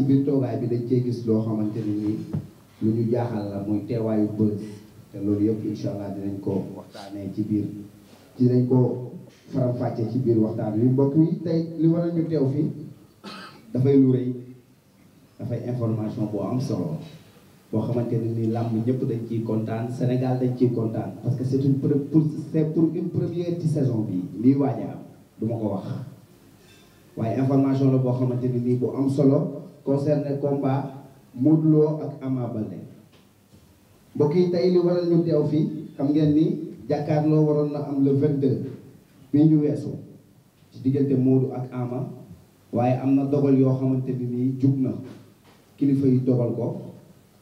ci biir toogaay bi dañ cee gis loo xamante ne nii lu ñu teewaayu bës te loolu yëpp incha dinañ ko waxtaanee ci biir dinañ ko faram-fàccee ci biir waxtaan wi mbokk yi tey li waral ñu teew fii dafay lu rëy dafay information boo am solo boo xamante ne nii làmb ñëpp dañ ci kontaan senegal dañ ciy kontaan parce que c'est une pour c'est première ci saison bi lii waaj a am ma ko wax waaye information la boo xamante ni nii bu am solo. concerné combat Modou ak Ama Baldé mbokk yi tey li waral ñu teew fii xam ngeen ni jàkkaarloo waroon na am le 22 de ñu weesoo ci diggante Modou ak Ama waaye am na dogal yoo xamante ni nii jug na kilifa yu dogal ko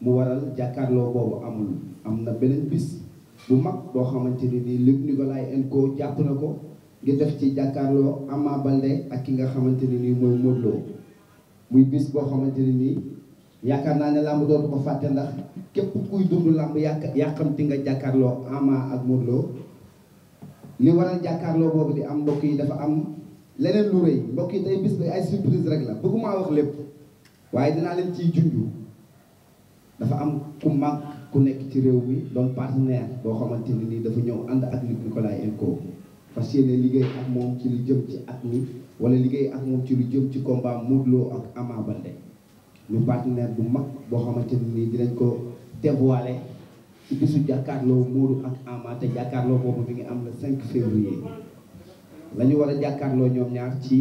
mu waral jàkkaarloo boobu amul am na beneen bis bu mag boo xamante ni nii Luc Nicolaï en ko jàpp na ko ngi def ci jàkkaarloo Ama Baldé ak ki nga xamante ni nii mooy Modou muy bis boo xamante ne nii yaakaar naa ne làmb dootu ko fàtte ndax képp kuy dund làmb yàq yàqamti nga jàkkaarloo Ama ak Modou Lo war a jàkkaarloo boobu di am mbokk yi dafa am leneen lu rëy mbokk yi tey bis bi ay surprise rek la bëgguma wax lépp waaye dinaa leen ci junju dafa am ku mag ku nekk ci réew mi doon partenaire boo xamante ne nii dafa ñëw ànd ak Luc Nicolaï Enco fas yéene liggéey ak moom ci li jëm ci at mi wala liggéey ak moom ci lu jëm ci combat Modou ak Ama Baldé ñu partenaire bu mag boo xamante ni dinañ ko dévoiler ci bisu jàkkaarloo Modou ak Ama te jàkkaarloo boobu mi ngi am na 5 février la war a jàkkaarloo ñoom ñaar ci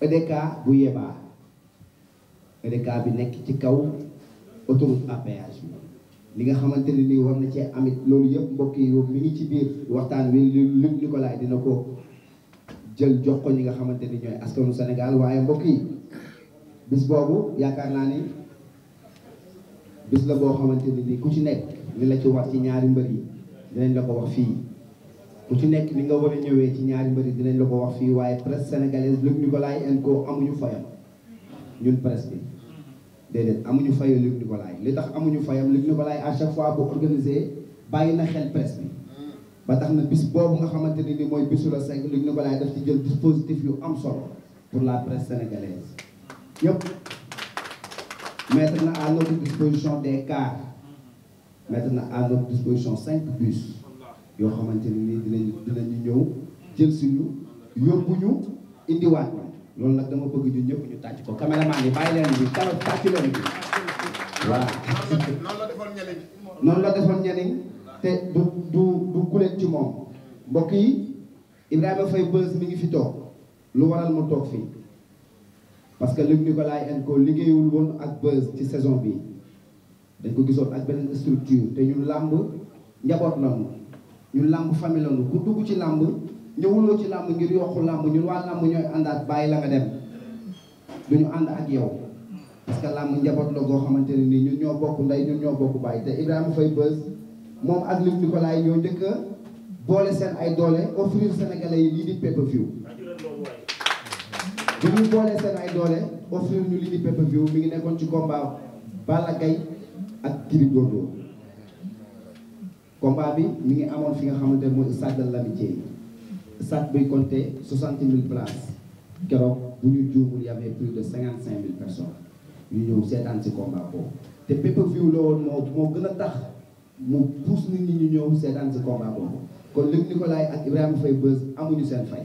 EDK bu yebaa EDK bi nekk ci kaw autoroute à péage bi li nga xamante ne nii war na cee amit loolu yëpp mbokk yi mi ngi ci biir waxtaan wi li Luc Nicolaï dina ko jël jox ko ñi nga xamante ni ñooy askanu Sénégal waaye mbokk yi bis boobu yaakaar naa ni bis la boo xamante ni ni ku ci nekk li la ci war ci ñaari mbër yi dinañ la ko wax fii ku ci nekk li nga war ñëwee ci ñaari mbër yi dinañ la ko wax fii waaye presse sénégalaise Luc Nicolaï en ko amuñu fayam ñun presse bi déedéet amuñu fayam Luc Nicolaï li tax amuñu fayam Luc Nicolaï à chaque fois bu organisé bàyyi na xel presse bi ba tax na bis boobu nga xamante ni ni mooy bisu la cinq Luc Nicolaï daf ci jël dispositif yu am solo pour la presse sénégalaise yëpp mettre na à notre disposition des cars mettre na à notre disposition cinq bus yoo xamante ni nii dinañu dinañu ñëw jël suñu yóbbu ñu indiwaat loolu nag dama bëgg ñun ñëpp ñu tàcc ko caméraman yi bàyyi leen bi tàcc leen bi voilà noonu la defoon ñeneen te du du du gulet ci moom mbokk yi Ibrahima Faye Beuz mi ngi fi toog lu waral mu toog fii parce que Luc Nicolaï en ko liggéeyul woon ak Beuz ci saison bi dañ ko gisoon ak beneen structure te ñu làmb njaboot lañu ñun làmb famille lañu ku dugg ci làmb ñëwuloo ci làmb ngir yokku làmb ñun waa làmb ñooy àndaat bàyyi la nga du ñu ànd ak yow parce que làmb njaboot la goo xamante ni nii ñun ñoo bokk ndey ñun ñoo bokk bàyyi te Ibrahima Faye Beuz moom ak Luc Nicolaï ñoo njëkk a boole seen ay doole offrir sénégalais yi lii di bu ñu boolee seen ay doole offrir ñu lii di pay mi ngi nekkoon ci combat Balla Gaye ak Gris Bordeaux combat bi mi ngi amoon fi nga xamante ne mooy stade de l'Amitié stade buy compter soixante mille places keroog bu ñu juumul y avait plus de cinquante cinq mille personnes yu ñëw seetaan ci combat boobu te pay per woon moo moo gën a tax. mu pousse nit ñi ñu ñëw seetaan si combat boobu kon ko Nicolaï ak Ibrahima fay Beuz amuñu seen fay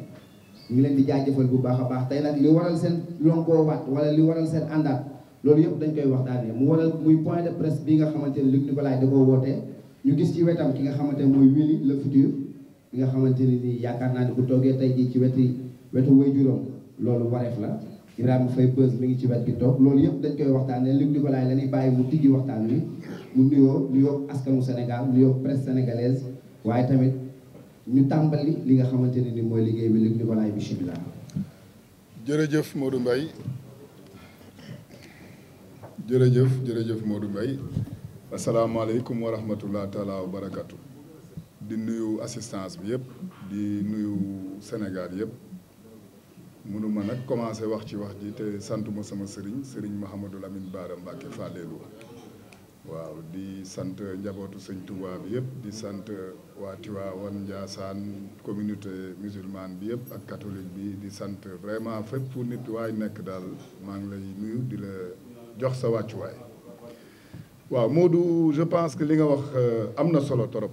ñu ngi leen di jëfal bu baax a baax tey nag li waral seen lonkoo waat wala li waral seen àndaat loolu yëpp dañ koy waxtaanee mu waral muy point de presse bi nga xamante ne Luc Nicolaï da koo wootee ñu gis ci wetam ki nga xamante ne mooy Wili la futur ki nga xamante ne nii yaakaar naa ne bu toogee tey jii ci weti wetu way juróom loolu wareef la Ibrahima Faye bës mi ngi ci wet gi toog loolu yëpp dañ koy waxtaanee Luc Nicolaï la ñuy bàyyi mu tijji waxtaan wi mu nuyoo nuyoo askanu Sénégal nuyoo presse sénégalaise waaye tamit ñu tàmbali li nga xamante ne ni mooy liggéey bi Luc Nicolaï bismillah. jërëjëf Modou Mbaye jërëjëf jërëjëf Modou Mbaye asalaamaaleykum wa rahmatullah taala wa barakatu di nuyu assistance bi yëpp di nuyu Sénégal yëpp. mënuma nag commencé wax ci wax ji te santuma sama sëriñ sëriñ Mouhamadou Lamine Bara Mbacke Fallelu waaw di sant njabootu sëñ Touba bi yëpp di sant waa Tiwaawan Ndiassane communauté musulmane bi yëpp ak catholique bi di sant vraiment fépp fu nit waay nekk daal maa ngi lay nuyu di la jox sa wàccuwaay waaw Modou je pense que li nga wax euh, am na solo trop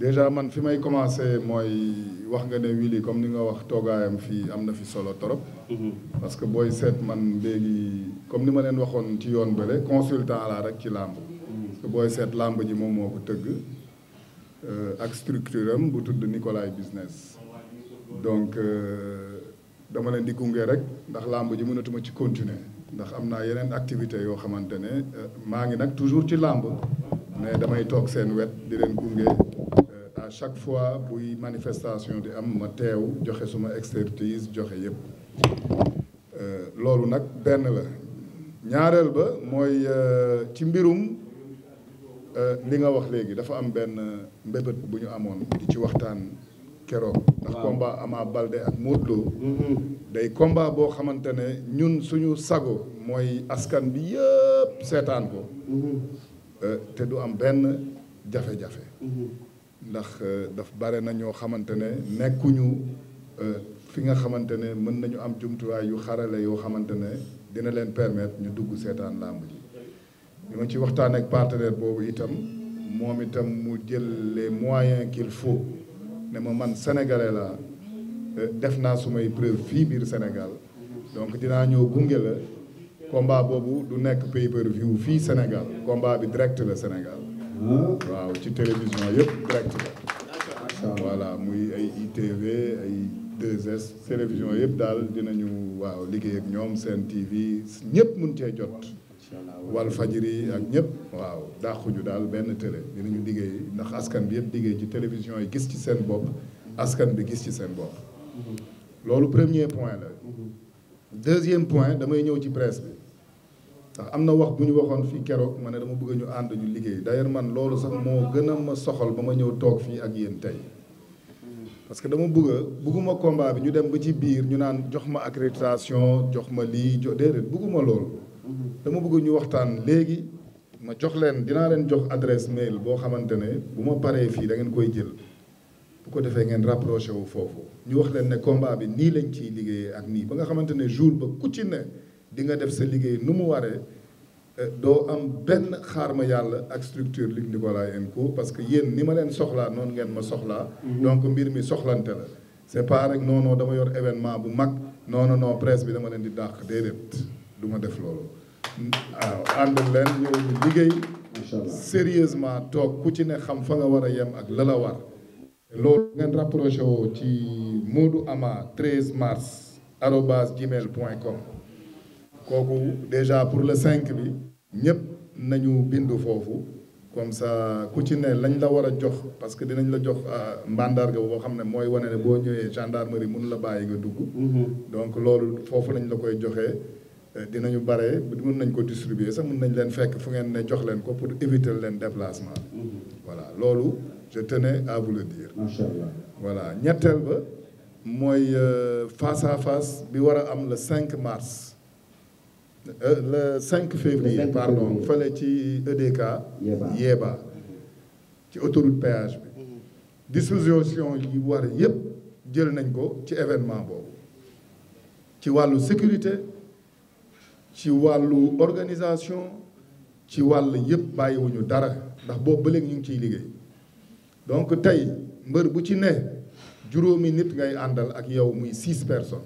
déjà man fi may commencé mooy wax nga ne Wily comme ni nga wax toogaayam fii am na fi solo trop. Mm-hmm. parce que booy seet man léegi comme ni ma leen waxoon ci yoon bële consultant laa rek ci làmb. Mm-hmm. booy seet làmb ji moom moo ko tëgg euh, ak structure am bu tudd Nicolay business. donc euh, dama leen di gunge rek ndax làmb ji mënatuma ci continuer ndax am naa yeneen activité yoo xamante ne euh, maa ngi nag toujours ci làmb mais damay toog seen wet di leen gunge. chaque fois buy manifestation di am ma teew joxe suma expertise joxe yépp euh, loolu nag benn la ñaareel ba mooy euh, ci mbirum euh, li nga wax léegi dafa am benn mbébét bu ñu amoon ci waxtaan keroog ndax combat Ama Baldé ak Modou Lô mm-hmm. day combat boo xamante ne ñun suñu sago mooy askan bi yëpp seetaan ko mm-hmm. te du am benn jafe-jafe mm-hmm. ndax euh, daf bare na ñoo xamante ne nekkuñu euh, fi nga xamante ne mën nañu am jumtuwaay yu xarale yoo xamante ne dina leen permettre ñu dugg seetaan làmb ji ñu ci waxtaan ak partenaire boobu itam moom itam mu jël les moyens qu'il faut ne ma man sénégalais euh, def naa sumay preuve fii biir Sénégal donc dinaa ñëw gunge la combat boobu du nekk pay per view fii Sénégal combat bi direct la Sénégal waaw ci télévision yëpp direct la voilà muy ay ITV ay 2S télévision yëpp daal dinañu waaw liggéey ak ñoom seen TV ñëpp mun cee jot wal fajiri ak ñëpp waaw dàquñu daal benn télé dinañu liggéey ndax askan bi yëpp liggéey ci télévision yi gis ci seen bopp askan bi gis ci seen bopp mhm. loolu premier point la mhm. deuxième point damay ñëw ci presse bi ndax am na wax bu ñu waxoon fii keroog ma ne dama bëgg ñu ànd ñu liggéey d'ailleurs man loolu sax moo gën a ma soxal ba ma ñëw toog fii ak yéen tey parce que dama bëgg a bëgguma combat bi ñu dem ba ci biir ñu naan jox ma accréditation jox ma lii jox déedéet bëgguma loolu dama bëgg ñu waxtaan léegi ma jox leen dinaa leen jox adresse mail boo xamante ne bu ma paree fii da ngeen koy jël bu ko defee ngeen rapproché wu foofu ñu wax leen ne combat bi nii lañ ciy liggéeyee ak nii ba nga xamante ne jour ba ku ci ne di nga def sa liggéey nu mu waree euh, doo am benn xaar ma yàlla ak structure Luc Nicolaï and Co parce que yéen ni ma leen soxlaa noonu ngeen ma soxlaa. Mhm. donc mbir mi soxlante la. c'est pas rek non dama yor événement bu mag non non non bi dama leen di dàq déedéet du ma def loolu. waaw liggéey. incha allah sérieusement toog ku ci ne xam fa nga war a yem ak la la war. loolu ngeen rapproché woo ci Modou Ama 13 mars arobase gmail point kooku déjà pour le cinq bi ñëpp nañu bindu foofu comme ça ku ci ne lañ la war a jox parce que dinañ la jox euh, mbandarga boo xam ne mooy wane ne boo ñëwee gendarmerie mun la bàyyi nga dugg. Mm-hmm. donc loolu foofu lañ la koy joxee. Euh, dinañu bare mun nañ ko distribuer sax mun nañ leen fekk fu ngeen ne jox leen ko pour éviter leen déplacement. Mm-hmm. voilà loolu je tenais à vous le voilà ñetteel ba mooy euh, face à face bi war a am le 5 mars. Euh, le 5 février pardon fële ci EDK Yeba ci autoroute péage bi mhm. disposition yi war yëpp jël nañ ko ci événement boobu ci wàllu sécurité ci wàllu organisation ci wàll yëpp bàyyiwuñu dara ndax boobu ba léegi ñu ngi ciy liggéey donc tey mbër bu ci ne juróomi nit ngay àndal ak yow muy six personnes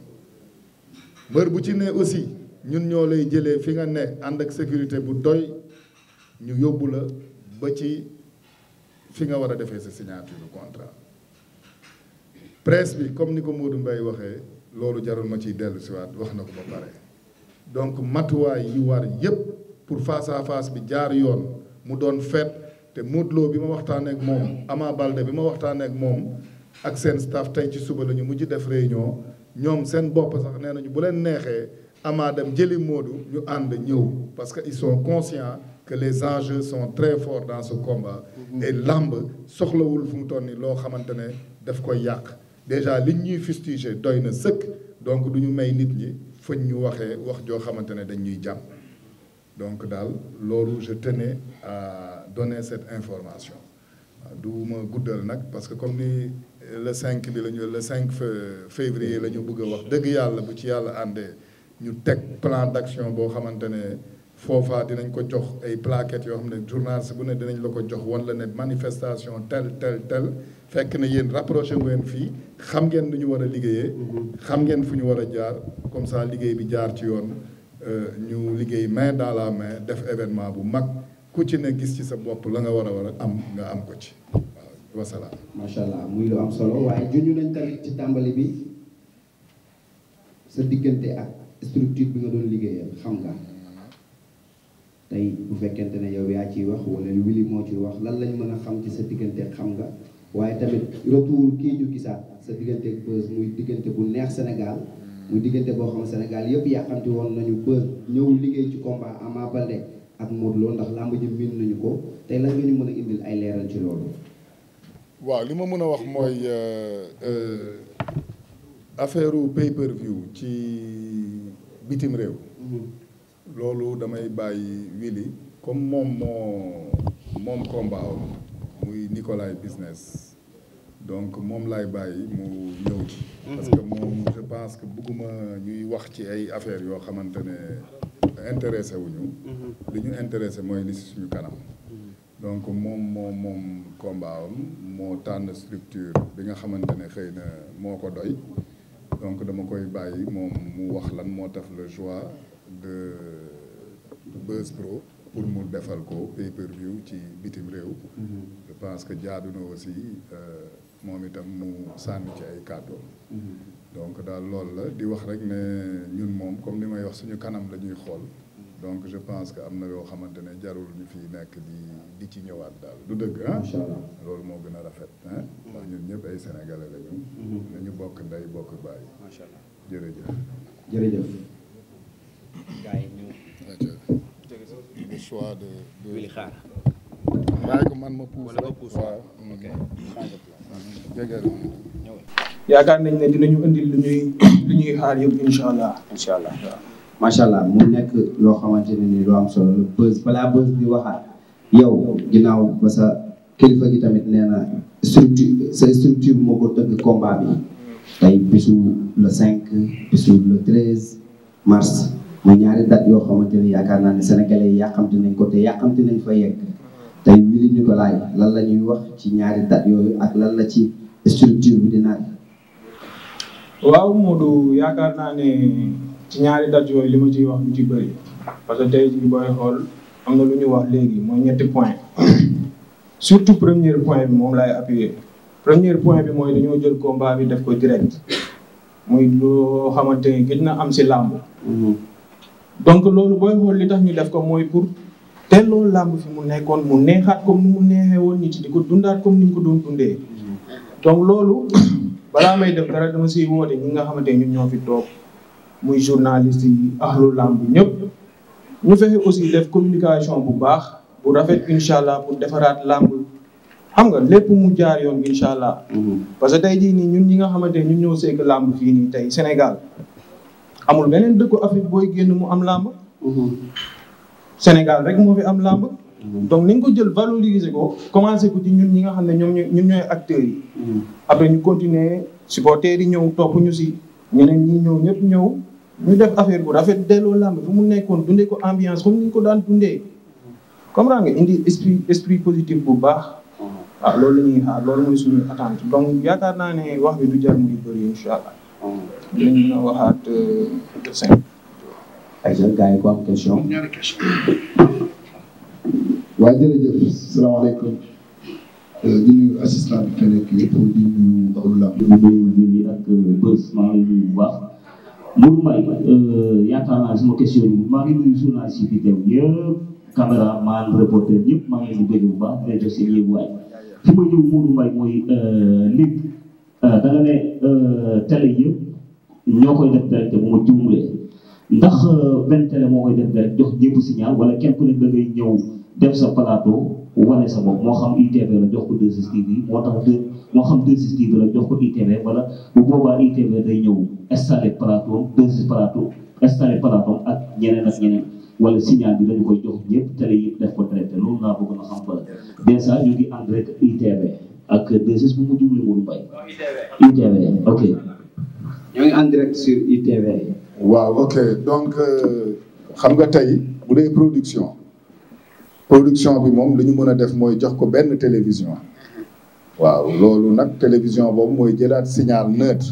mbër bu ci ne aussi ñun ñoo lay jëlee fi nga ne ànd ak sécurité bu doy ñu yóbbu la ba ci fi nga war a defee sa signature contrat presse bi comme ni ko Modou Mbaye waxee loolu jarul ma ciy dellu siwaat wax na ko ba pare donc matuwaay yi war yépp pour face à bi jaar yoon mu doon fet te Modou bi ma waxtaanee ak moom Ama Balde bi ma waxtaanee ak moom ak seen staff tey ci suba lañu mujj def réunion ñoom seen bopp sax nee nañu bu leen neexee Ama dem jëli Modou ñu ànd ñëw parce que il sont conscients que les enjeux sont très forts dans ce combat mhm. et làmb soxlawul fu mu toll nii loo xamante ne daf koy yàq déjà liñ ñuy fustiger doy na sëkk donc du ñu may nit ñi fañ ñu waxee wax joo xamante ne dañ ñuy jàmm donc daal loolu je tenais à donner cette information du ma guddal nag parce que comme ni le cinq bi la ñu le 5 février la ñu bëgg a wax dëgg yàlla bu ci yàlla àndee ñu teg plan d'action boo xamante ne foofaa dinañ ko jox ay plaquettes yoo xam ne journaliste bu ne dinañ la ko jox wan la ne manifestation tel tel tel fekk na yéen rapproché ngeen fii xam ngeen lu ñu war a liggéeyee xam ngeen fu ñu war a jaar comme ça liggéey bi jaar ci yoon euh, ñu liggéey mais dans la main def événement bu mag ku ci ne gis ci sa bopp la nga war a war a am nga am ko ci waaw wasalaam macha allah muy waaye junj nañ tamit ci bi sa diggante ak structure bi nga doon liggéeyal xam nga tey bu fekkente ne yow yaa ciy wax wala wili moo ciy wax lan lañ mën a xam ci sa diggante xam nga waaye tamit retour kii ñu gisaat sa diggante ak Beuz muy diggante bu neex Sénégal mu diggante boo xam Sénégal yëpp yàqamti woon nañu Beuz ñëwul liggéey ci combat Ama Baldé ak Modou Lo ndax làmb ji miin nañu ko tey lan nga ñu mën a indil ay leeral ci loolu. waaw li ma mën a wax mooy. Euh, euh, affaire pay per view ci bitim réew. Mm-hmm. loolu damay bàyyi Willy comme moom moo moom combat muy Nicolas business donc moom laay bàyyi mu ñëw ci. Mm-hmm. parce que moom je pense que bëgguma ñuy wax ci ay affaires yoo xamante ne intéressé wuñu mm-hmm. li ñu intéressé mooy lis suñu kanam. donc moom moom moom combat moo tànn structure bi nga xamante ne xëy na moo ko doy. donc dama koy bàyyi moom mu wax lan moo tax le choix de Buzz pour mu defal ko pay view ci bitim réew. Mm-hmm. je pense que jaadu na aussi euh, moom itam mu sànni ci ay kàddoom. Mm-hmm. donc daal loolu la di wax rek ne ñun moom comme li may wax suñu kanam la ñuy xool. donc je pense que am na yoo xamante ne jarul ñu fi nekk di di ci ñëwaat daal du dëgg ah. incha loolu moo gën a rafet ah. ndax mm-hmm. ñun ñëpp ay sénégalais lañu. Mm-hmm. nañu bokk ndey bokk baay. macha allah jërëjëf. jërëjëf. gars yi ñu. le choix de man ma puus. wala ma puus waaw ok. yaakaar nañ ne dinañu indil lu ñuy lu ñuy xaar yëpp incha allah. macha allah mu nekk loo xamante ne ni lu am solo la bës balaa bës di waxaat yow ginnaaw ba sa kilifa gi tamit nee na structure sa structure moo ko tëgg combat bi tey bisu le 5 bisu le 13 mars mu ñaari date yoo xamante ne yaakaar naa ne sénégalais yi yàqamte nañ ko te yàqamte nañ fa yegg tey Willy Nicolaï lan la ñuy wax ci ñaari date yooyu ak lan la ci structure bi di naan. waaw Modou yaakaar naa ne. ci ñaari date yooyu li ma ciy wax lu ci bëri parce que tey jii booy xool am na lu ñu wax léegi mooy ñetti point surtout premier point bi moom laay appuyer premier point bi mooy dañoo jël combat bi def ko direct mooy loo xamante ni gën na am si làmb mm-hmm. donc loolu booy xool li tax ñu def ko mooy pour delloo làmb fi mu nekkoon mu neexaat comme ni mu neexee woon nit ñi di ko dundaat comme ni ko doon dundee mm-hmm. donc loolu balaa may def dara dama siy woote ñi nga xamante ni ñoo fi toog muy journaliste yi ahlu làmb ñëpp ñu fexe aussi def communication bu baax bu rafet incha allah pour defaraat làmb xam nga lépp mu jaar yoon incha allah. Mhm. parce que tey jii nii ñun ñi nga xamante ne ñun ñoo seeg làmb fii tey Sénégal amul beneen dëkku Afrique booy génn mu am làmb. Mhm. Sénégal rek moo fi am làmb. Mhm. donc nañ ko jël valoriser ko commencé ko ci ñun ñi nga xam ne ñoom ñun ñooy acteurs yi. après ñu continuer supporters yi ñëw topp ñu si ñeneen ñi ñëw ñëpp ñëw. mu def affaire bu rafet delloo làmb fu mu nekkoon dundee ko ambiance comme ni ñu ko daan dundee comprendre indi esprit esprit positif bu baax a ah, loolu la ñuy loolu mooy suñu attente donc yaakaar naa wax bi du jar muy bëri allah dinañ mën waxaat seen euh, ay seen ko am question waaw jërëjëf salaamaaleykum euh, di assistant bi fi nekk yëpp euh, baax Modou Mbaye eh, yaakaar naa sama question maa ngi nuyu journaliste yi fi teew yëpp caméra man reporter ñëpp maa ngi leen di bëgg bu baax di leen jox seen yéeguwaay fi ma ñëw Modou Mbaye mooy lépp da ne télé yëpp ñoo koy def direct bu ma juumlee ndax eh, benn télé moo koy def direct jox ñëpp signal wala kenn ku ne da ngay ñëw def sa plateau. wane sa bopp moo xam ITV la jox ko 2STV moo tax deux moo xam 2 la jox ko ITV wala bu boobaa ITV day ñëw installé plateau 2S plateau installé ak ñeneen ak ñeneen wala signal bi dañu koy jox ñëpp télé yëpp def ko traité loolu laa bëgg na xam ba dèjà ñu ngi ànd rek ITV ak 2S bu mu jublu Modou Mbaye. ITV ok. ñoo en direct sur ITV. waaw ok donc euh, xam nga tey bu dee production. production bi moom li mën a def mooy jox ko benn télévision waaw loolu nag télévision boobu mooy jëlaat signal neutre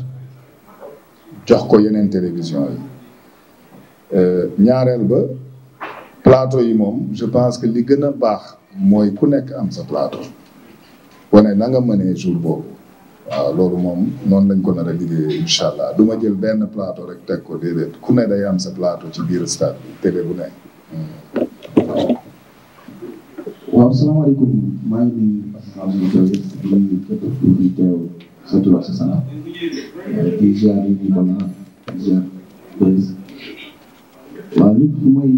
jox ko yeneen télévision yi euh, ñaareel ba plateau yi moom je pense que li gën a baax mooy ku nekk am sa plateau wane na nga mënee jour boobu waaw loolu moom noonu lañ ko nar a liggéey incha allah du ma jël benn plateau rek teg ko déedéet ku ne day am sa plateau ci biir stade bi télé bu nekk. Hmm. Uh, e e waaw salaamaaleykum maa ngi nuyu asalaamaaleykum di nuyu képp ku fi teew sa tur ak sa salaam di ziar yi di Balla di ziar Bez waaw li may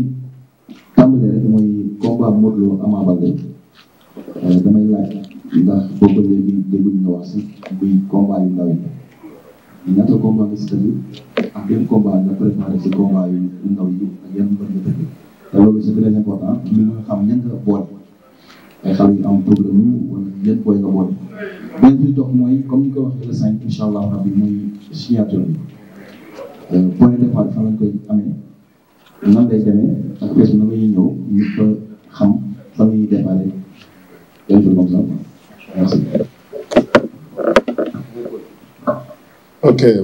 tàmbalee rek mooy combat Modou Lo Ama Baldé uh, damay laaj ndax boobu léegi déglu nga wax si muy combat yu ndaw yi ñaata combat nga si tëdd ak yan combat nga préparé si combat yu ndaw yi ak yan mbër nga tëdd te loolu c'est très important ñu nga xam ñan nga boole. ay am problème ñu wala yan booy nga boole. benn mooy comme ni ko waxee le cinq incha allah rabbi muy signature bi euh, de na muy la ñuy déparé un jour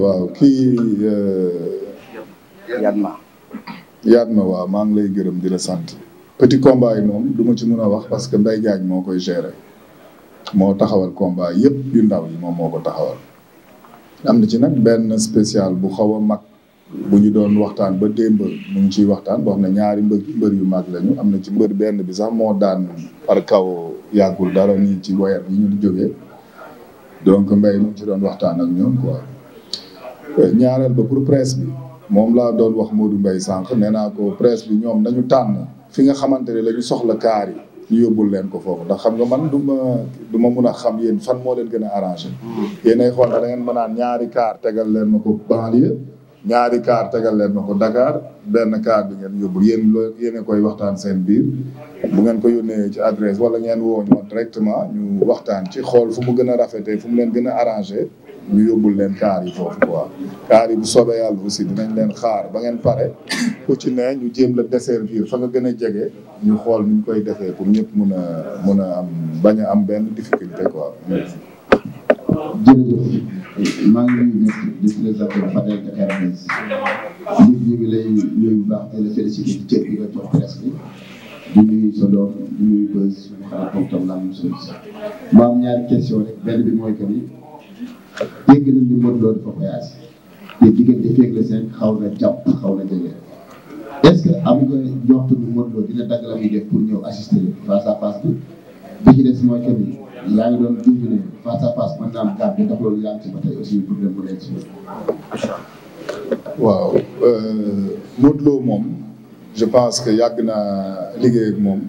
waaw kii. Euh, maa ngi lay gërëm di la sant. petit combat yi moom du ma ci mën a wax parce que Mbaye Diagne moo koy gérer moo taxawal combat yëpp yu ndaw yi moom moo ko taxawal. am na ci nag benn spécial bu xaw a mag bu ñu doon waxtaan ba démb mu ngi ciy waxtaan boo ne ñaari mbër mbër yu mag lañu am na ci mbër benn bi sax moo daan par kaw yàggul dara nii ci wayar yi ñu jógee donc Mbaye mu ci doon waxtaan ak ñoom quoi. Euh, ñaareel ba pour presse bi moom laa doon wax Modou Mbaye sànq nee naa ko presse bi ñoom nañu tànn. fi nga xamante ne la soxla kaar yi ñu yóbbul leen ko foofu ndax xam nga man du ma du mun a xam yéen fan moo leen gën a arrangé hmm. yéen ay xool da ngeen mën naan ñaari kaar tegal leen ma ko banlieue ñaari kaar tegal leen ma ko Dakar benn kaar bi ngeen yóbbul yéen loo koy waxtaan seen biir bu ngeen ko yónnee ci adresse wala ngeen woo ma directement ñu waxtaan ci xool fu mu gën a rafetee fu mu leen gën a arrangé ñu yóbbul leen kaar yi foofu quoi kaar bu soobee yàlla aussi dinañ leen xaar ba ngeen pare ku ci ne ñu jéem la desservir fa nga gën a jege ñu xool ni ñu koy defee pour ñëpp mun a mun a am bañ am benn difficulté quoi. jërëjëf maa ngi ngi lay nuyu bi nga jox solo maam ñaari question rek benn bi mooy que ni. dégg nañ ni Modou Lo dafa voyage te diggante feeg le cinq xaw na jàpp xaw na jege est-ce que am nga njort ni pour ñëw assister face mooy que ni yaa ngi doon juuju ne loolu yaa ngi mu leen ci waaw euh, moom pense que yàgg naa liggéey moom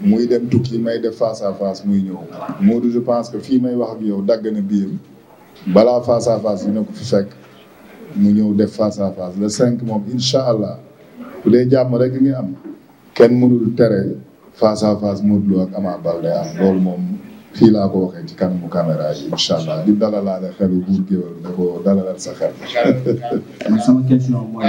muy dem tout tukki may def face à face muy ñëw Modou je pense que fii may wax ak yow dagg na biir. bala face à face dina ko fi fekk mu ñëw def face à le cinq moom incha allah bu dee jàmm rek ngi am kenn mënul tere face à face Modou Lo ak Ama am loolu moom fii laa ko waxee ci kanamu caméra yi incha allah di dalalaale xelu buur géwél da ko dalalal sa xel. sama question moom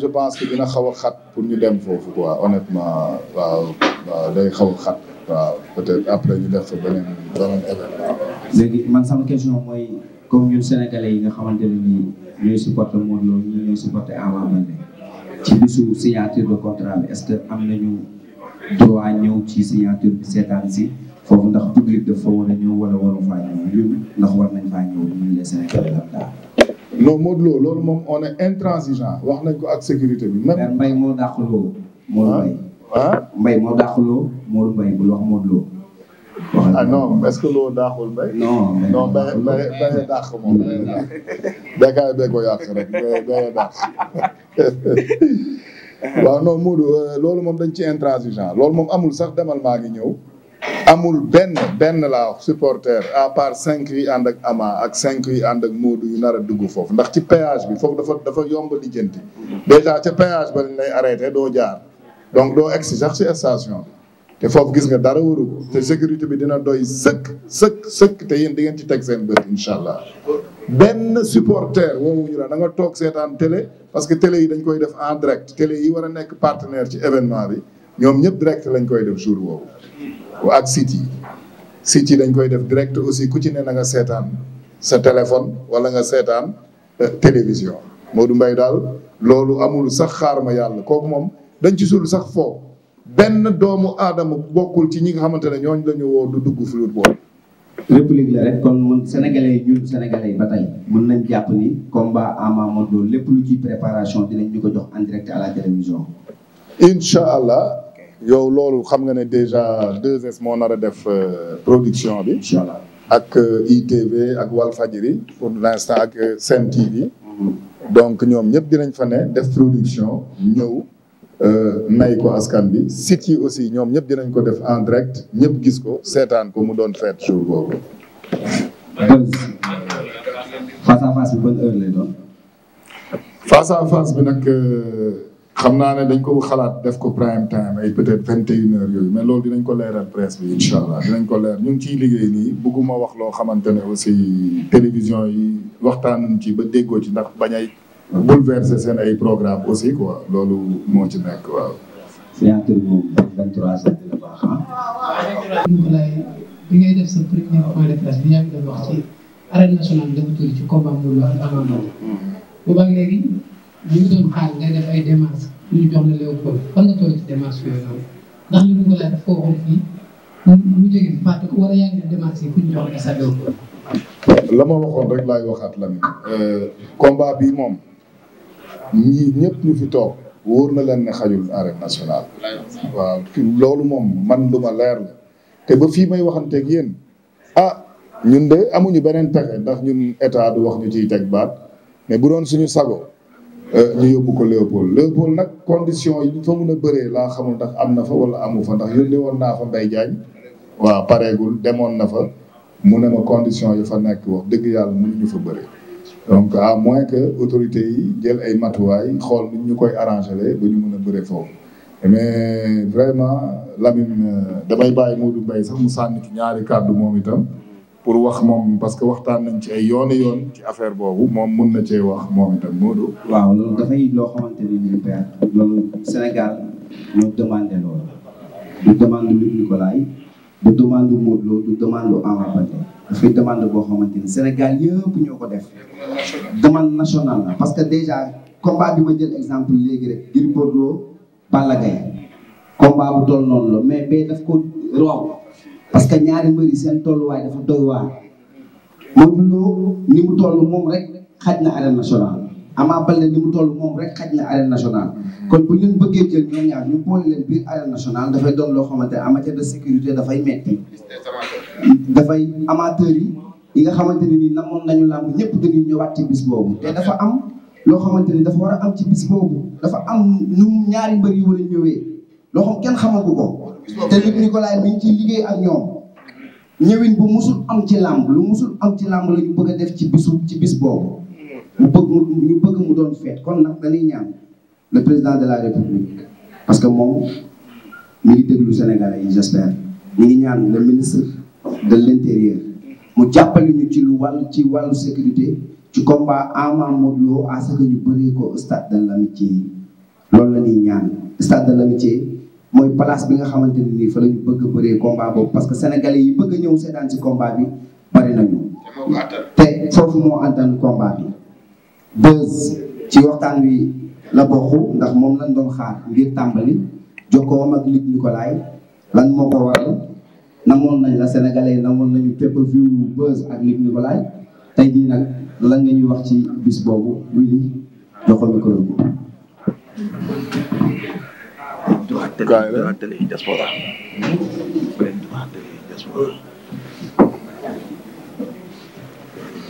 je pense que dina xaw a xat pour ñu dem foofu quoi honnêtement waaw waaw day xaw a xat. waaw peut-être après ñu def beneen man sama question mooy comme ñun sénégalais yi nga xamante ne nii ñooy supporter Modou Lo ñii ñooy supporter Ama Baldé ci bisu signature est-ce que am nañu droit ñëw ci signature bi seetaan si foofu ndax public dafa war a ñëw wala waru faa ñëw ndax war nañ faa ñëw ñun les loolu moom on est intransigeant wax nañ ko ak sécurité bi. même mbay moo dàq loolu. moo ah mbay moo dàquloo Modou Mbaye bul wax ah, est-ce que loo daaxul bay. non non bay bay bay daax moom bay daax ko yàq rek bay daax waaw non Modou euh, loolu moom dañ ci intransigeant loolu moom amul sax demal maa ngi ñëw. amul benn benn laa wax supporter à part cinq yi ànd ak Ama ak cinq yi ànd ak Modou yu nar a dugg foofu ndax ci péage bi foofu dafa dafa yomb lijjanti. déjà ca péage ba lañ lay arrêté doo jaar. donc doo egg si sax si station te foofu gis nga dara waru sécurité bi dina doy sëkk sëkk sëkk te yéen di ngeen ci teg seen bët incha allah benn supporter woowuñu la da nga toog seetaan télé parce que télé yi dañ koy def en direct télé yi war a nekk partenaire ci événement bi ñoom ñëpp direct lañ koy def jour woowu ak site yi site yi dañ koy def direct aussi ku ci ne na nga seetaan sa téléphone wala nga seetaan euh, télévision du mbay daal loolu amul sax xaar ma kooku moom dañ ci suul sax foo benn doomu aadama bokkul ci ñi nga xamante ne ñooñu la ñu woo du dugg fluide boobu. république la rek kon mun sénégalais yi ñun sénégalais yi ba nañ jàpp ni combat Ama Modou Lô lépp lu ci préparation dinañ ñu ko jox en direct à la télévision. incha allah yow loolu xam nga ne déjà 2 moo nar a def euh, production bi. incha ak euh, ITV ak Walfadjri pour l'instant ak euh, Sen TV. Mhm. donc ñoom ñëpp dinañ fa ne def production ñëw. may euh, ko askan bi site yi aussi ñoom ñëpp dinañ ko def en direct ñëpp gis ko seetaan ko mu doon fête jour boobu. buzz face à face bi ban heure nag euh, xam naa ne dañ ko xalaat def ko prime time ay peut-être vingt et une heures yooyu mais loolu dinañ ko leeral presse bi incha allah dinañ ko leer ñu ngi ciy liggéey nii bëgguma wax loo xamante ne aussi télévision yi waxtaanuñ ci ba déggoo ci ndax bañ bouleverser seen ay programme aussi ko loolu moo ci nekk waaw. signature bu 23 ans dina baax ah. bi ngay def sa premier nationale dafa tudd ci combat bu wax nga toll ci démarches yooyu noonu ndax ñu bëgg laa def koo xam mu jógee fi fàtte ko wala yaa ñu jox la sa Léopold. la ma waxoon rek laay waxaat la ni euh, combat bi moom. ñii ñëpp ñu fi toog wóor na leen ne xajul arène nationale waaw loolu moom man lu ma leer la te ba fii may waxanteeg yéen a ah, ñun de amuñu beneen pexe ndax ñun état du wax ñu ciy teg baat mais bu doon suñu sago euh, ñu yóbbu ko Léopold Léopold nag condition yi fa mun a bëree laa xamul ndax am na fa wala amu fa ndax yónnee woon naa fa Mbaye Diagne waaw pareegul demoon na fa mu ne ma condition yi fa nekk wax dëgg yàlla ñu fa bëree donc à moins que autorité yi jël ay matuwaay xool nu ñu koy arrangé ba ñu mun a bëre foofu mais eh vraiment Lamine euh, damay bàyyi du Mbaye sax mu sànni ci ñaari kàddu moom itam pour wax moom parce que waxtaan nañ ci ay yooni yoon ci affaire boobu moom mun na cee wax moom itam Modou. waaw loolu dafay loo xamante nii père loolu Sénégal ñoo demandé loolu du demande Luc Nicolaï du demande Modou du demande Ama Baldé dafay demande boo xamante ni Sénégal yëpp ñoo ko def demande nationale parce que déjà combat bi ma jël exemple léegi rek Gris Bordeaux Balla Gaye combat bu toll noonu la mais bee daf ko romb parce que ñaari mbër yi seen tolluwaay dafa doy waar Modou Lo ni mu toll moom rek xaj na arène nationale Ama Baldé ni mu toll moom rek xaj na arène national kon bu ñu leen bëggee jël ñoom ñaar ñu boole leen biir arène nationale dafay doon loo xamante ne en matière de sécurité dafay metti dafay amateurs yi yi nga xamante ni ni namoon nañu làmb ñëpp dañuy ñëwaat ci bis boobu te dafa am loo xamante ni dafa war a am ci bis boobu dafa am ñu ñaari mbër yi war a ñëwee loo kenn xamagu ko te Luc Nicolaï mi ngi ciy liggéey ak ñoom ñëwin bu musul am ci làmb lu musul am ci làmb bëgg a def ci bisu ci bis boobu. mu bëgg mu doon feet kon nag dañuy ñaan le président de la république parce que moom mi ngi déglu Sénégalais yi j'espère ñu ngi ñaan le ministre de l'intérieur mu jàppale ñu ci lu wàllu ci wàllu sécurité ci combat Ama Modou Lo à ce ñu bëree ko stade de l'amitié loolu la ñuy ñaan stade de l'amitié mooy place bi nga xamante ni nii fa la ñu bëgg a bëree combat boobu parce que sénégalais yi bëgg ñëw seetaan ci combat bi bari nañu. te foofu moo àntan combat bi. Beuz ci waxtaan wi la bokk ndax moom lañ doon xaar ngir tàmbali jokkoom ak Luc Nicolaï lan moo ko waral namoon nañ la sénégalais namoon nañu pay-per-view Beuz ak Luc tey jii nag lan nga wax ci bis boobu Willy jox ko micro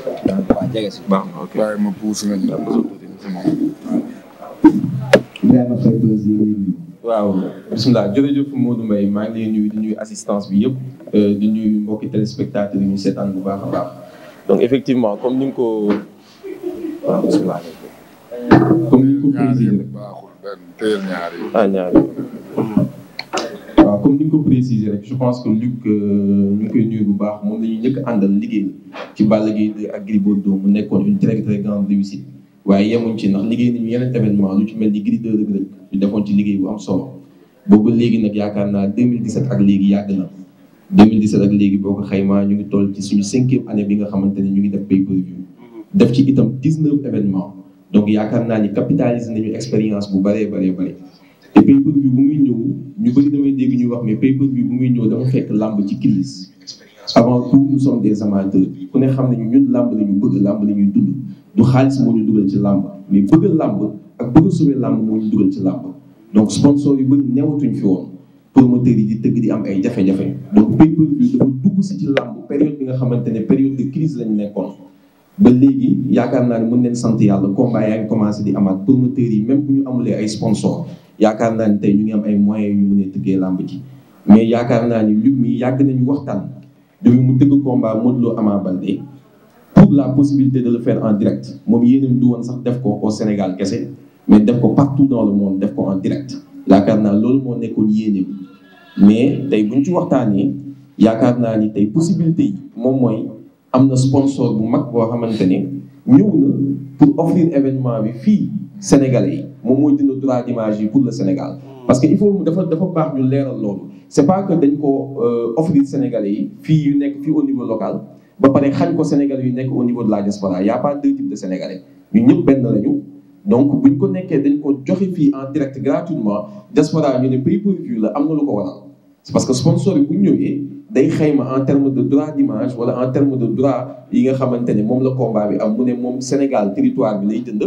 waaw jege si. baax na ok waaye ma puus nañ waaw bisimilah jërëjëf Modou Mbaye maa ngi assistance bi yëpp euh, du nuyu mbokki téléspectateur yi ñu seetaan bu baax a baax. donc effectivement comme ni nga ko waaw bisimilah. comme ni nga ko précisé. baaxul benn téyel ñaari. ah comme ni nga ko préciser rek je pense que Luc euh, ñu nuyu bu baax moom la ñuy njëkk àndal liggéey ci Balla Gaye 2 ak nekkoon une très très grande réussite waaye yemuñ ci ndax liggéey nañu yeneen événement lu ci mel ni Gris 2 Reug Reug ñu defoon ci liggéey bu am solo boobu léegi nag yaakaar naa 2017 ak léegi yàgg na 2017 ak léegi boo ko xaymaa ñu ngi toll ci suñu cinquième année bi nga xamante ne ñu ngi def pay per view def ci itam 19 événements donc yaakaar naa ni capitaliser nañu expérience bu baree bëree bëri te pay bi bu muy ñëw ñu bëri damay dégg ñuy wax mais pay per view bu muy ñëw dama fekk làmb ci crise avant tout nous sommes des amateurs ku ne xam nañu ñun làmb la ñu bëgg làmb la ñuy dund du xaalis moo ñu dugal ci làmb mais bëgg làmb ak bëgg sauver làmb moo ñu ci làmb donc sponsor yu bëri newatuñ fi woon promoteurs yi di tëgg di am ay jafe-jafe donc pay per dafa dugg si ci làmb période bi nga xamante ne période de crise lañ nekkoon ba léegi yaakaar naa ne mun neen sant yàlla combat yaa ngi commencé di amaat promoteurs yi même bu ñu amulee ay sponsor yaakaar naa ne tey ñu ngi am ay moyens yu ñu mënee tëggee làmb ji mais yaakaar naa ni lutte mi yàgg nañu waxtaan depuis mu tëgg combat Modou Lo Ama Baldé pour la possibilité de le faire en direct moom yéenam du sax def ko au Sénégal kese mais def ko partout dans le monde def ko en direct yaakaar naa loolu moo nekkoon yéene mais tey buñ ci waxtaan waxtaanee yaakaar naa ni tey possibilité yi moom mooy am na sponsor bu mag boo xamante ni ñëw na pour offrir événement bi fii Sénégalais yi moom mooy jënd droit d'image yi pour le Sénégal. parce que il faut dafa dafa baax ñu leeral loolu c'est pas que dañ ko euh, offrir Sénégalais yi fii yu nekk fii au niveau local ba pare xañ ko Sénégalais yi nekk au niveau de la diaspora y a pas deux types de Sénégalais ñun ñëpp benn lañu. donc buñ ko nekkee dañ ko joxe fii en direct gratuitement diaspora ñu ne pay-per-view la am na lu ko waral parce que sponsor bi bu ñëwee. day xayma en terme de droit d'image wala en terme de droit yi nga xamante ne moom la combat bi am mu ne moom Sénégal territoire bi lay jënd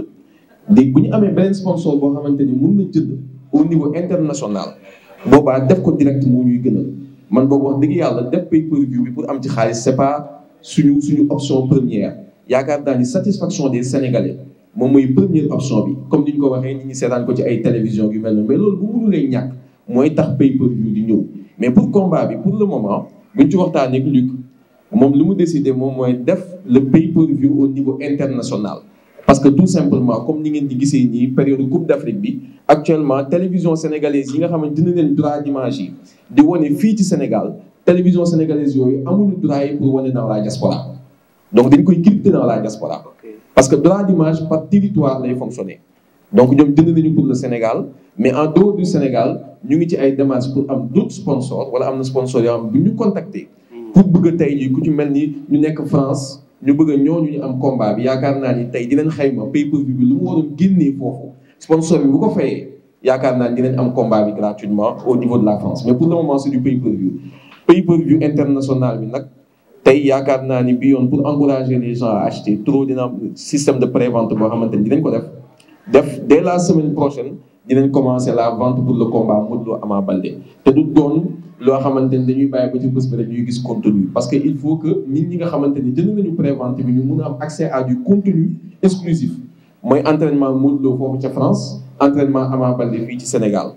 léegi bu ñu amee beneen sponsor boo xamante ni mun na jënd au niveau international boobaa def ko direct moo ñuy gënal man boobu wax dëgg yàlla def pay per bi pour am ci xaalis c'est pas suñu suñu option première yaakaar naa ni satisfaction de sénégalais moom mooy première option bi comme ni ñu ko waxee nit ñi seetaan ko ci ay télévision yu mel noonu mais loolu bu mënulee ñàkk mooy tax pay per view di ñëw mais pour combat bi pour moment. buñ ci waxtaanee ak Luc moom li mu décidé moom mooy def le pay-per-view au niveau international. parce que tout simplement comme ni ngeen di gisee nii période coupe d'Afrique bi actuellement télévision sénégalaise yi nga xam ne dina leen droit d'image yi di wane fii ci Sénégal télévision sénégalaise yooyu amuñu droit yi pour wane dans la diaspora donc dañ koy crypté dans la diaspora parce que droit d'image par territoire lay fonctionner. donc ñoom jënd nañu pour le Sénégal mais en dehors du Sénégal ñu ngi ci ay démarches pour am d'autres sponsors wala am na sponsors yoo xam bu ñu contacter. pour hmm. bëgg tey jii ku ci mel ni ñu nekk France ñu bëgg a ñooñu ñu am combat bi yaakaar naa ni tey dinañ xayma pay-per-view bi lu mu waroon génnee foofu sponsor bi bu ko fayee yaakaar naa ni dinañ am combat bi gratuitement au niveau de la France mais pour le moment c'est du pay-per-view pay-per-view bi nag. tey yaakaar naa ni bi yoon pour encourager les gens à acheter trop de prévente boo xamante ni dinañ ko def def dès la semaine prochaine dinañ commencer la vente pour le combat Modou Lo Ama te du doon loo xamante ni dañuy bàyyi ba ci bés bi rek ñuy gis contenu parce que il faut que nit ñi nga xamante ni jënd nañu prévente bi ñu mun a am accès à du contenu exclusif mooy entraînement Modou Lo foofu ca France entraînement Ama Baldé fii ci Sénégal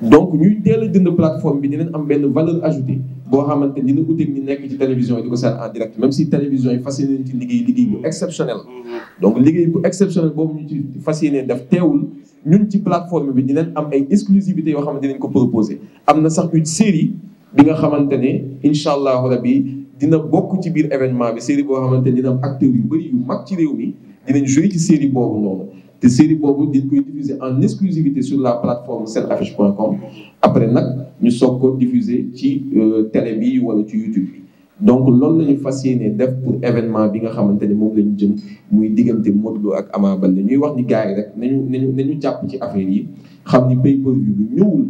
donc ñuy teel a jënd plateforme bi dinañ am benn valeur ajoutée boo xamante ni dina uteeg ñi nekk ci télévision yi di ko seet en direct même si télévision yi fas yéene ci liggéey liggéey bu exceptionnel mm-hmm. donc liggéey bu exceptionnel boobu ñu ci fas yéene def teewul ñun ci plateforme bi dinañ am ay exclusivité yoo xamante nañ ko proposé am na sax une série bi nga xamante ne incha allahu rabi dina bokk ci biir événement bi série boo xamante ne dina am acteurs bëri yu mag ci réew mi dinañ joué ci série boobu noonu te série boobu dañ koy diffuser en exclusivité sur la plateforme senaffiche.com après nag ñu soog ko diffuser ci euh, télé bi wala ci YouTube bi donc loolu la ñu fas yéene def pour événement bi nga xamante ne moom la ñu jëm muy diggante Modou Lo ak Ama Baldé ñuy wax ni gars yi rek nañu nañu nañu jàpp ci affaire yi xam ni pay-per-view bi ñëwul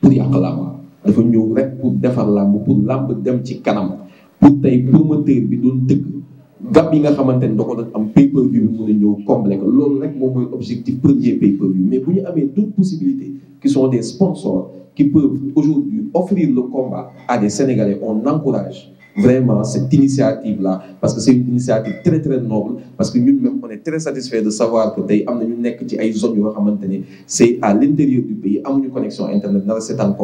pour yàq làmb dafa ñëw rek pour defar làmb pour làmb dem ci kanam pour tey promoteur bi doon tëgg gap yi nga xamante ni da ko doon am pay per view bi mën a ñëw combler ko loolu rek moom mooy objectif premier pay per view mais bu ñu amee d'autres possibilités qui sont des sponsors qui peuvent aujourd'hui offrir le combat à des Sénégalais on encourage vraiment cette initiative là parce que c'est initiative très très noble parce que ñun même on est très satisfait de savoir que tey am na ñu nekk ci ay zones yoo xamante ni c'est à l'intérieur du pays amuñu connexion internet nar a seetaan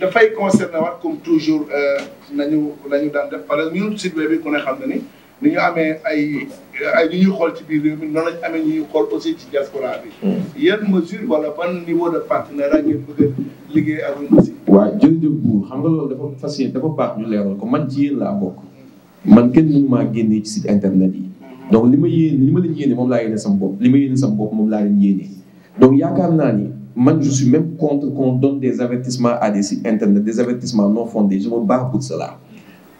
dafay concerné waat comme toujours euh, nañu nañu daan def par exemple ñun site web bi ko ne xam ne ni ni ñu amee ay ay ñu ñuy xool ci biir réew mi noonu lañu amee ñu ñuy xool aussi ci diaspora bi. Mm. yan mesure wala ban niveau de partinaire ngeen bëgg a liggéey ak ñun aussi. waaw jërëjëf Buur xam nga loolu dafa fas yéene dafa baax ñu leeral ko man ci yéen laa bokk. man kenn mënu maa génnee ci site internet yi. Mm-hmm. donc li ma yéene li ma leen yéene moom laa yéene sama bopp li ma yéene sama moom laa leen yéene yaakaar naa ni. man je même contre qu'on donne des avertissements à des sites internet des avertissements non fondés je me bats pour cela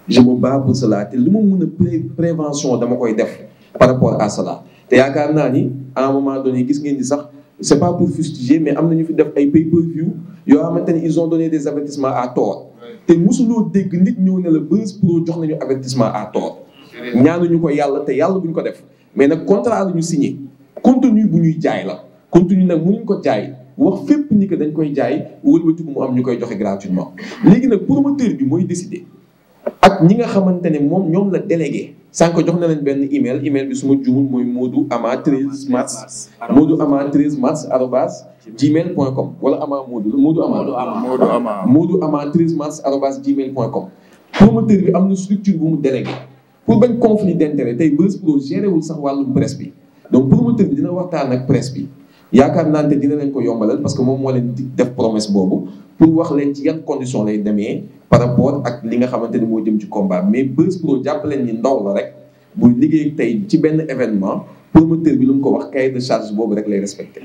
je me bats te lu ma mun a pré prévention dama koy def par rapport à cela te yaakaar naa ni à un moment gis ngeen ni sax c'est pas pour fustiger mais am na ñu fi def ay pay per yoo xamante ni ils ont donné des avertissements à tort te mosuloo dégg nit ñëw ne la Buzz pour jox nañu avertissement à tort ñu ko yàlla te yàlla buñ ko def mais nag contrat la ñu signé bu ñuy jaay la contenu nag mënuñ ko jaay wax fépp ni que dañ koy jaay wëlbatiku mu am ñu koy joxe gratuitement léegi nag promoteur bi mooy décider ak ñi nga xamante ne moom ñoom la délégué sànq jox na leen benn email email bi su ma juumul mooy Modou Ama 13 mars Modou Ama 13 mars arobase gmail point com wala Ama Modou Modou Ama Modou Ama Modou Ama 13 mars arobase gmail point com promoteur bi am na structure bu mu délégué pour bañ conflit d'intérêt tey Buzz Pro géré wul sax wàllum bi donc promoteur bi dina waxtaan ak presse bi yaakaar naa ne dina leen ko yombalal parce que moom moo leen def promesse boobu pour wax leen ci yan condition lay demee par rapport ak li nga xamante ni moo jëm ci combat mais Buzz Pro jàpp leen ni ndaw la rek buy liggéey tey ci benn événement promoteur bi lu mu ko wax cahier de charge boobu rek lay respecté.